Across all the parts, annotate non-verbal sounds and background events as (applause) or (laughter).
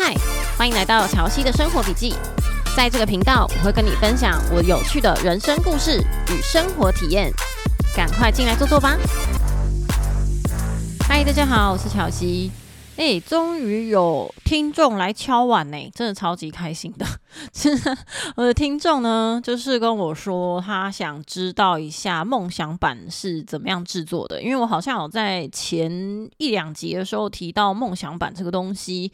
嗨，歡迎來到蕎希的生活筆記。在這個頻道，我會跟你分享我有趣的人生故事與生活體驗。趕快進來坐坐吧！嗨，大家好，我是蕎希。哎、欸，終於有聽眾來敲碗呢、欸，真的超級開心的。 (laughs) 我的聽眾呢，就是跟我說他想知道一下夢想板是怎麼樣制作的，因為我好像有在前一兩集的時候提到夢想板這個東西。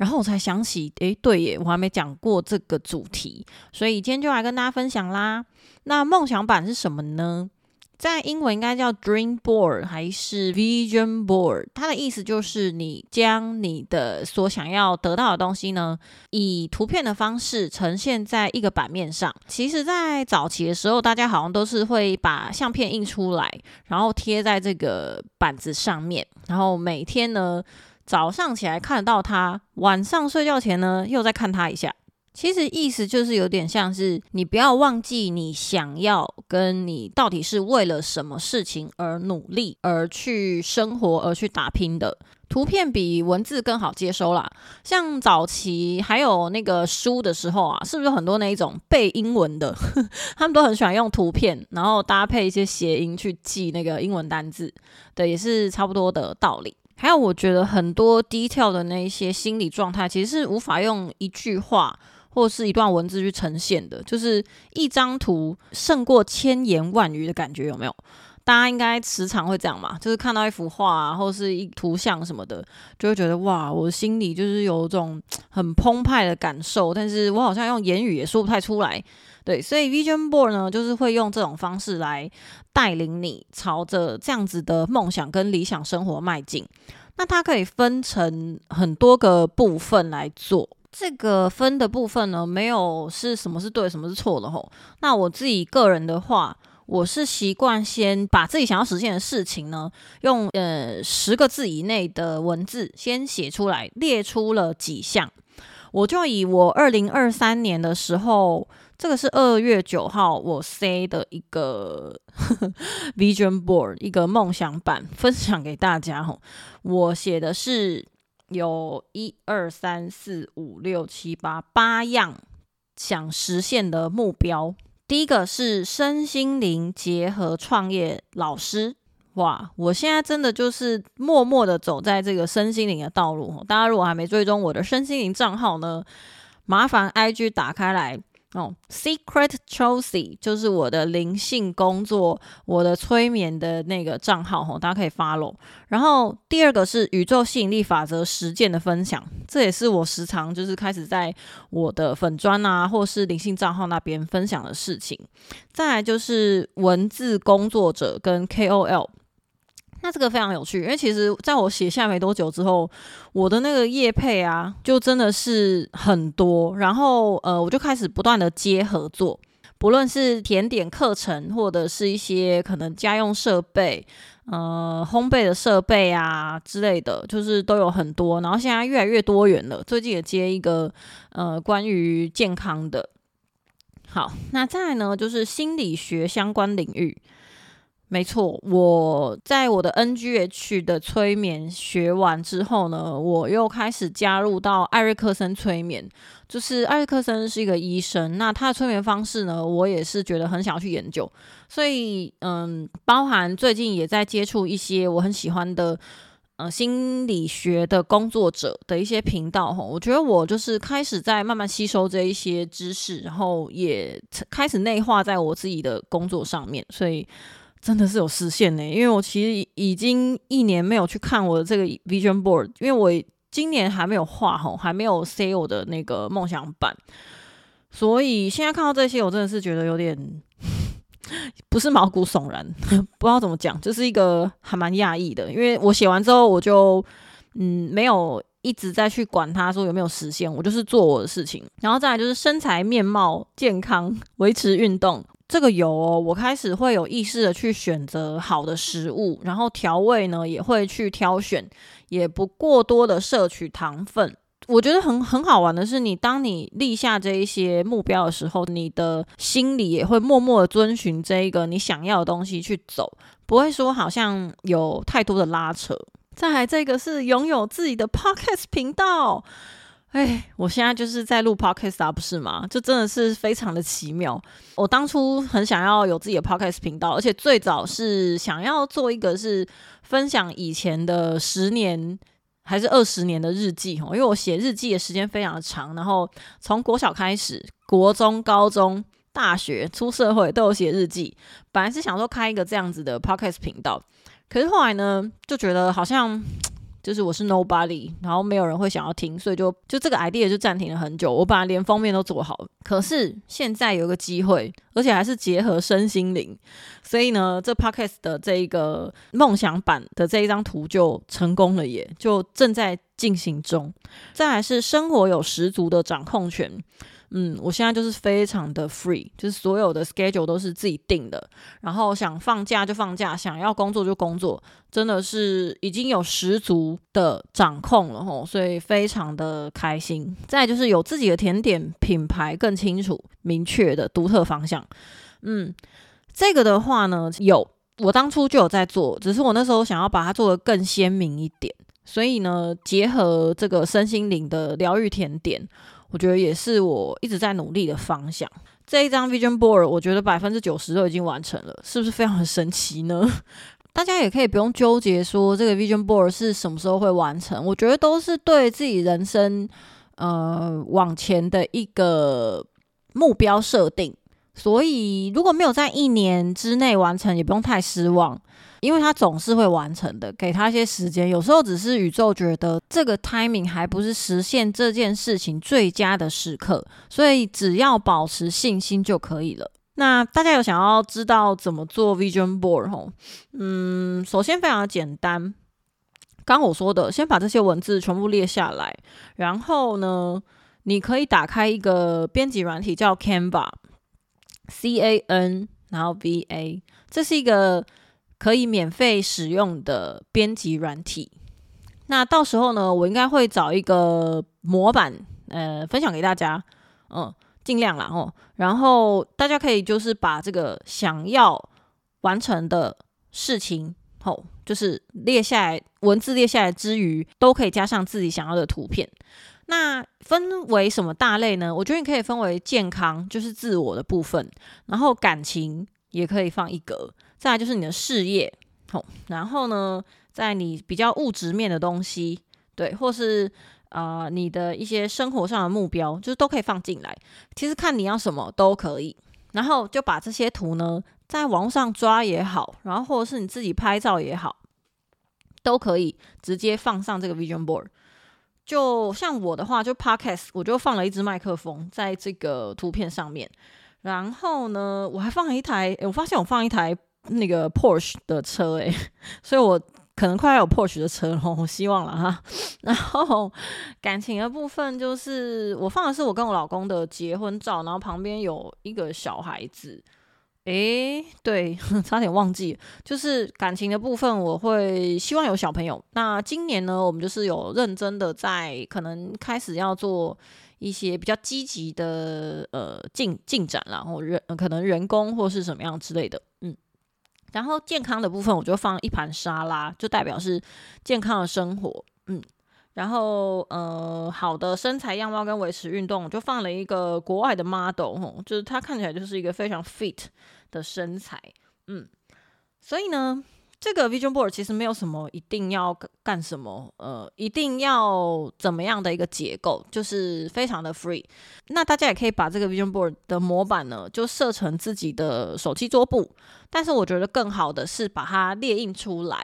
然後我才想起，誒，對耶，我還沒講過這個主題，所以今天就來跟大家分享啦。那夢想板是什麼呢？在英文應該叫 Dream Board 還是 Vision Board？它的意思就是你將你的所想要得到的東西呢，以圖片的方式呈現在一個版面上。其實，在早期的時候，大家好像都是會把相片印出來，然後貼在這個板子上面，然後每天呢，早上起來看到他，晚上睡覺前呢又再看他一下。其實意思就是有點像是你不要忘記你想要跟你到底是為了什麼事情而努力，而去生活，而去打拼，的。圖片比文字更好接收啦。像早期還有那個書的時候啊，是不是有很多那一種背英文的， (laughs) 他們都很喜歡用圖片，然後搭配一些諧音去記那個英文單字。對，也是差不多的道理。還有，我覺得很多低調的那一些心理狀態，其實是無法用一句話或者是一段文字去呈現的，就是一張圖勝過千言萬語的感覺，有沒有？大家應該時常會這樣嘛，就是看到一幅畫啊，或者是一圖像什麼的，就會覺得哇，我心裡就是有一種很澎湃的感受，但是我好像用言語也說不太出來。對，所以 Vision Board 呢，就是會用這種方式來帶領你朝着這樣子的夢想跟理想生活邁進。那它可以分成很多個部分來做。這個分的部分呢，沒有是什麼是對，什麼是錯的吼、哦。那我自己個人的話，我是習慣先把自己想要實現的事情呢，用呃十個字以內的文字先寫出來，列出了幾項。我就以我二零二三年的時候。這個是二月九號我 C 的一個呵呵 Vision Board，一個夢想板分享給大家吼、哦。我寫的是有一二三四五六七八八樣想實現的目標。第一個是身心靈結合創業老師，哇！我現在真的就是默默的走在這個身心靈的道路。大家如果還沒追蹤我的身心靈賬號呢，麻煩 IG 打開來。哦、oh,，Secret Chelsy 就是我的靈性工作，我的催眠的那個賬號哦，大家可以 follow。然後第二個是宇宙吸引力法則實踐的分享，這也是我時常就是開始在我的粉專啊，或是靈性賬號那邊分享的事情。再來就是文字工作者跟 KOL。那這個非常有趣，因為其實在我寫下沒多久之後，我的那個業配啊，就真的是很多。然後呃，我就開始不斷的接合作，不論是甜點課程，或者是一些可能家用設備，呃，烘焙的設備啊之類的，就是都有很多。然後現在越來越多元了，最近也接一個呃關於健康的。好，那再來呢，就是心理學相關領域。沒錯，我在我的 N G H 的催眠學完之後呢，我又開始加入到艾瑞克森催眠。就是艾瑞克森是一個醫生，那他的催眠方式呢，我也是覺得很想要去研究。所以，嗯，包含最近也在接觸一些我很喜歡的，呃，心理學的工作者的一些頻道吼，我覺得我就是開始在慢慢吸收這一些知識，然後也開始內化在我自己的工作上面。所以。真的是有實現呢，因為我其實已經一年沒有去看我的這個 vision board，因為我今年還沒有畫好，還沒有 say 我的那個夢想板，所以現在看到這些，我真的是覺得有點不是毛骨悚然，不知道怎麼講，就是一個還蠻訝異的，因為我寫完之後，我就嗯沒有一直在去管它，說有沒有實現，我就是做我的事情，然後再來就是身材面貌健康，維持運動。這個油哦，我開始會有意識的去選擇好的食物，然後調味呢也會去挑選，也不過多的攝取糖分。我覺得很很好玩的是，你當你立下這一些目標的時候，你的心裡也會默默的遵循這一個你想要的東西去走，不會說好像有太多的拉扯。再來這個是擁有自己的 Podcast 頻道。哎，我現在就是在錄 Podcast 啊，不是嗎？就真的是非常的奇妙。我當初很想要有自己的 Podcast 頻道，而且最早是想要做一個是分享以前的十年還是二十年的日記哦，因為我寫日記的時間非常的長，然後從國小開始，國中、高中、大學、出社會都有寫日記。本來是想說開一個這樣子的 Podcast 頻道，可是後來呢，就覺得好像。就是我是 nobody，然後沒有人會想要聽，所以就就這個 idea 就暫停了很久。我把它連封面都做好，可是現在有個機會，而且還是結合身心靈，所以呢，這 podcast 的這一個夢想版的這一張圖就成功了耶，也就正在進行中。再來是生活有十足的掌控權。嗯，我現在就是非常的 free，就是所有的 schedule 都是自己定的，然後想放假就放假，想要工作就工作，真的是已經有十足的掌控了齁，所以非常的開心。再來就是有自己的甜點品牌，更清楚、明確的獨特方向。嗯，這個的話呢，有我當初就有在做，只是我那時候想要把它做得更鮮明一點，所以呢，結合這個身心靈的療癒甜點。我覺得也是我一直在努力的方向。這一張 vision board 我覺得百分之九十都已經完成了，是不是非常的神奇呢？大家也可以不用糾結說這個 vision board 是什麼時候會完成。我覺得都是對自己人生呃往前的一個目標設定。所以如果沒有在一年之內完成，也不用太失望。因為他總是會完成的，給他一些時間。有時候只是宇宙覺得這個 timing 還不是實現這件事情最佳的時刻，所以只要保持信心就可以了。那大家有想要知道怎麼做 Vision Board 哦？嗯，首先非常簡單，剛我說的，先把這些文字全部列下來，然後呢，你可以打開一個編輯軟體叫 Canva，C A N，然後 V A，這是一個。可以免費使用的編輯軟體，那到時候呢，我應該會找一個模板，呃，分享給大家。嗯，盡量啦哦。然後大家可以就是把這個想要完成的事情，好、哦，就是列下來，文字列下來之餘，都可以加上自己想要的圖片。那分為什麼大類呢？我覺得你可以分為健康，就是自我的部分，然後感情也可以放一格。再來就是你的事業，哦，然後呢，在你比較物質面的東西，對，或是啊，你的一些生活上的目標，就是都可以放進來。其實看你要什麼都可以，然後就把這些圖呢，在網上抓也好，然後或者是你自己拍照也好，都可以直接放上這個 vision board，就像我的話，就 podcast 我就放了一支麥克風在這個圖片上面，然後呢，我還放了一台，欸，我發現我放一台，那個 Porsche 的車哎、欸，所以我可能快要有 Porsche 的車了，我希望了哈。然後感情的部分就是我放的是我跟我老公的結婚照，然後旁邊有一個小孩子。哎、欸，對，差點忘記，就是感情的部分，我會希望有小朋友。那今年呢，我們就是有認真的在可能開始要做一些比較積極的呃進進展啦，然後人、呃、可能人工或是什麼樣之類的，嗯。然後健康的部分，我就放一盤沙拉，就代表是健康的生活，嗯。然後呃，好的身材樣貌跟維持運動，我就放了一個國外的 model，吼、嗯，就是它看起來就是一個非常 fit 的身材，嗯。所以呢。這個 vision board 其實沒有什麼一定要幹什麼，呃，一定要怎麼樣的一個結構，就是非常的 free。那大家也可以把這個 vision board 的模板呢，就設成自己的手機桌布。但是我覺得更好的是把它列印出來，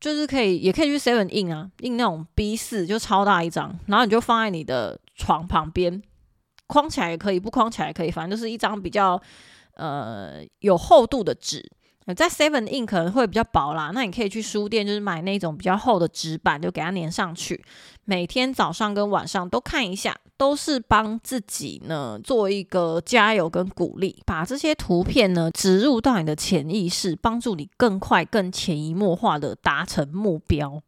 就是可以，也可以去 seven 印啊，印那種 B 四，就超大一張，然後你就放在你的床旁邊，框起來也可以，不框起來也可以，反正就是一張比較呃有厚度的紙。在7-11印可能會比較薄啦，那你可以去書店，就是買那種比較厚的紙板，就給它粘上去。每天早上跟晚上都看一下，都是幫自己呢做一個加油跟鼓勵。把這些圖片呢植入到你的潛意識，幫助你更快、更潛移默化的達成目標。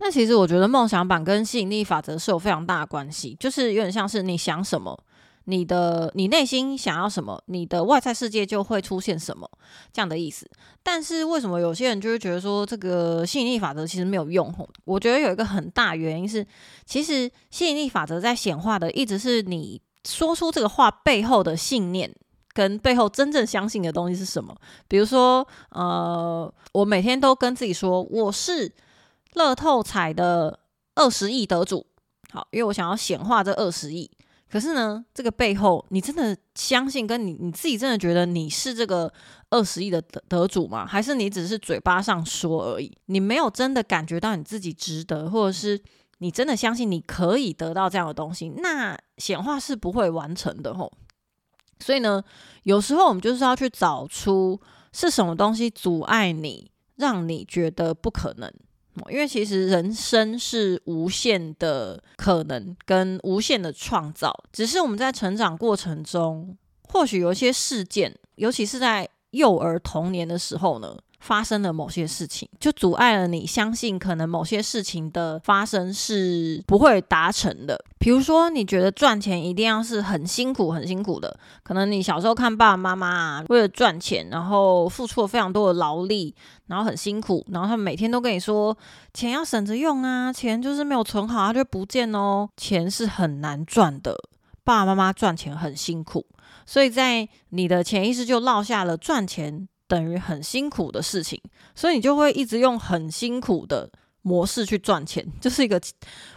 那其實我覺得夢想板跟吸引力法則是有非常大的關係，就是有點像是你想什麼。你的你內心想要什麼，你的外在世界就會出現什麼這樣的意思。但是為什麼有些人就會覺得說這個吸引力法則其實沒有用？我覺得有一個很大原因是，其實吸引力法則在顯化的一直是你說出這個話背後的信念跟背後真正相信的東西是什麼。比如說，呃，我每天都跟自己說我是樂透彩的二十億得主，好，因為我想要顯化這二十億。可是呢，這個背後，你真的相信跟你你自己真的覺得你是這個二十億的得得主嗎？還是你只是嘴巴上說而已？你沒有真的感覺到你自己值得，或者是你真的相信你可以得到這樣的東西？那顯化是不會完成的吼。所以呢，有時候我們就是要去找出是什麼東西阻礙你，讓你覺得不可能。因為其實人生是無限的可能跟無限的創造，只是我們在成長過程中，或許有一些事件，尤其是在幼兒童年的時候呢。發生了某些事情，就阻礙了你相信可能某些事情的發生是不會達成的。比如說，你覺得賺錢一定要是很辛苦、很辛苦的。可能你小時候看爸爸媽媽為了賺錢，然後付出了非常多的勞力，然後很辛苦，然後他們每天都跟你說錢要省着用啊，錢就是沒有存好啊就不見哦，錢是很難賺的。爸爸媽媽賺錢很辛苦，所以在你的潛意識就落下了賺錢。等於很辛苦的事情，所以你就會一直用很辛苦的模式去賺錢，這就是一個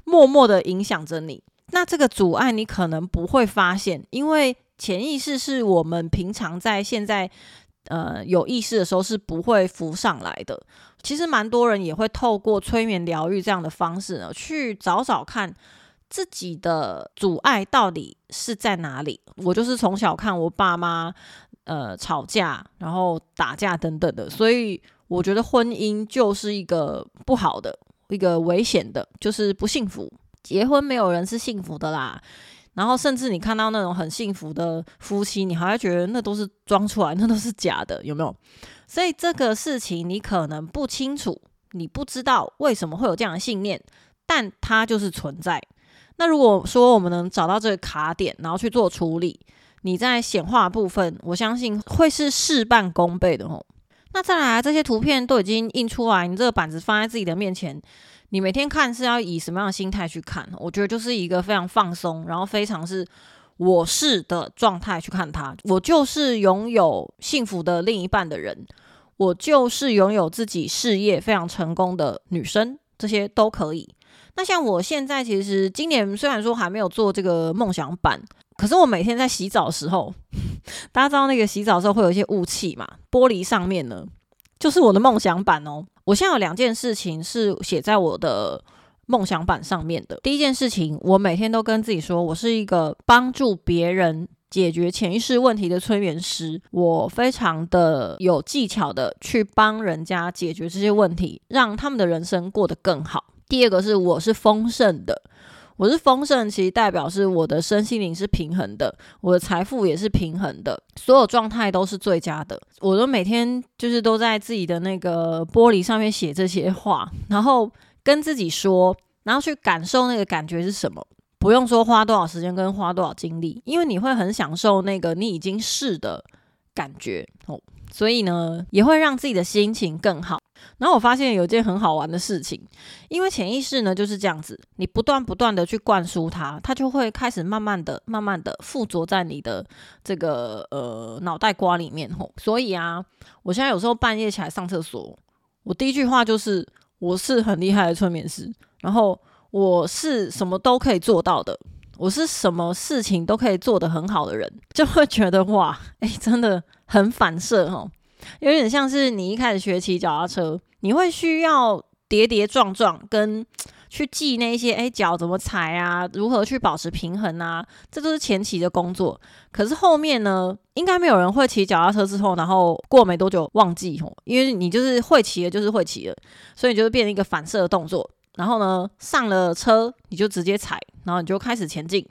默默的影響着你。那這個阻礙你可能不會發現，因為潛意識是我們平常在現在呃有意識的時候是不會浮上來的。其實蠻多人也會透過催眠療癒這樣的方式呢，去找找看自己的阻礙到底是在哪裡。我就是從小看我爸媽。呃，吵架，然後打架等等的，所以我覺得婚姻就是一個不好的，一個危險的，就是不幸福。結婚沒有人是幸福的啦，然後甚至你看到那種很幸福的夫妻，你還會覺得那都是裝出來，那都是假的，有沒有？所以這個事情你可能不清楚，你不知道為什麼會有這樣的信念，但它就是存在。那如果說我們能找到這個卡點，然後去做處理，你在顯化部分，我相信會是事半功倍的哦。那再來啊，這些圖片都已經印出來，你這個板子放在自己的面前，你每天看是要以什麼樣的心態去看？我覺得就是一個非常放鬆，然後非常是我是的狀態去看它。我就是擁有幸福的另一半的人，我就是擁有自己事業非常成功的女生，這些都可以。那像我現在，其實今年雖然說還沒有做這個夢想板。可是我每天在洗澡的時候，大家知道那個洗澡的時候會有一些霧氣嘛，玻璃上面呢，就是我的夢想板哦。我現在有兩件事情是寫在我的夢想板上面的。第一件事情，我每天都跟自己說，我是一個幫助別人解決潛意識問題的催眠師，我非常的有技巧的去幫人家解決這些問題，讓他們的人生過得更好。第二個是，我是豐盛的。我是豐盛，其實代表是我的身心靈是平衡的，我的財富也是平衡的，所有狀態都是最佳的。我都每天就是都在自己的那個玻璃上面寫這些話，然後跟自己說，然後去感受那個感覺是什麼。不用說花多少時間跟花多少精力，因為你會很享受那個你已經是的感覺哦。所以呢，也會讓自己的心情更好。然後我發現有一件很好玩的事情，因為潛意識呢就是這樣子，你不斷不斷的去灌輸它，它就會開始慢慢的、慢慢的附着在你的這個呃腦袋瓜裡面吼。所以啊，我現在有時候半夜起來上廁所，我第一句話就是我是很厲害的催眠師，然後我是什麼都可以做到的，我是什麼事情都可以做得很好的人，就會覺得哇，哎，真的很反射哦。有點像是你一開始學騎腳踏車，你會需要跌跌撞撞，跟去記那一些哎腳、欸、怎麼踩啊，如何去保持平衡啊，這都是前期的工作。可是後面呢，應該沒有人會騎腳踏車之後，然後過沒多久忘記，因為你就是會騎了，就是會騎了，所以你就變成一個反射的動作。然後呢，上了車你就直接踩，然後你就開始前進。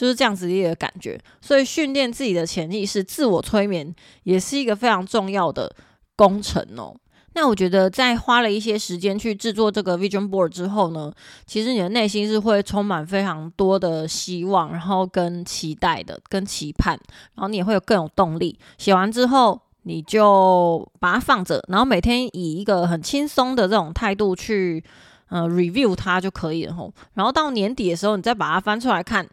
就是這樣子的一個感覺，所以訓練自己的潛意識、自我催眠，也是一個非常重要的工程哦。那我覺得，在花了一些時間去制作這個 vision board 之後呢，其實你的內心是會充滿非常多的希望，然後跟期待的、跟期盼，然後你也會有更有動力。寫完之後，你就把它放着，然後每天以一個很輕鬆的這種態度去，呃、嗯，review 它，就可以了吼。然後到年底的時候，你再把它翻出來看，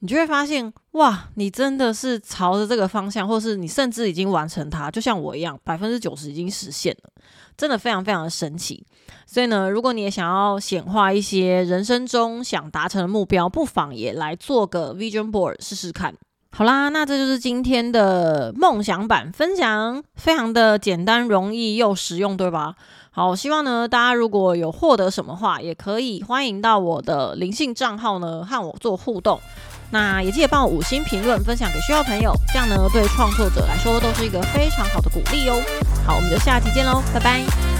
你就會發現，哇，你真的是朝着這個方向，或是你甚至已經完成它，就像我一樣，百分之九十已經實現了，真的非常非常的神奇。所以呢，如果你也想要顯化一些人生中想達成的目標，不妨也來做個 vision board 試試看。好啦，那這就是今天的夢想版分享，非常的簡單、容易又實用，對吧？好，希望呢大家，如果有獲得什麼話，也可以歡迎到我的靈性賬號呢和我做互動。那也記得幫我五星評論，分享給需要的朋友，這樣呢對創作者來說都是一個非常好的鼓勵喲。好，我們就下期見嘍，拜拜。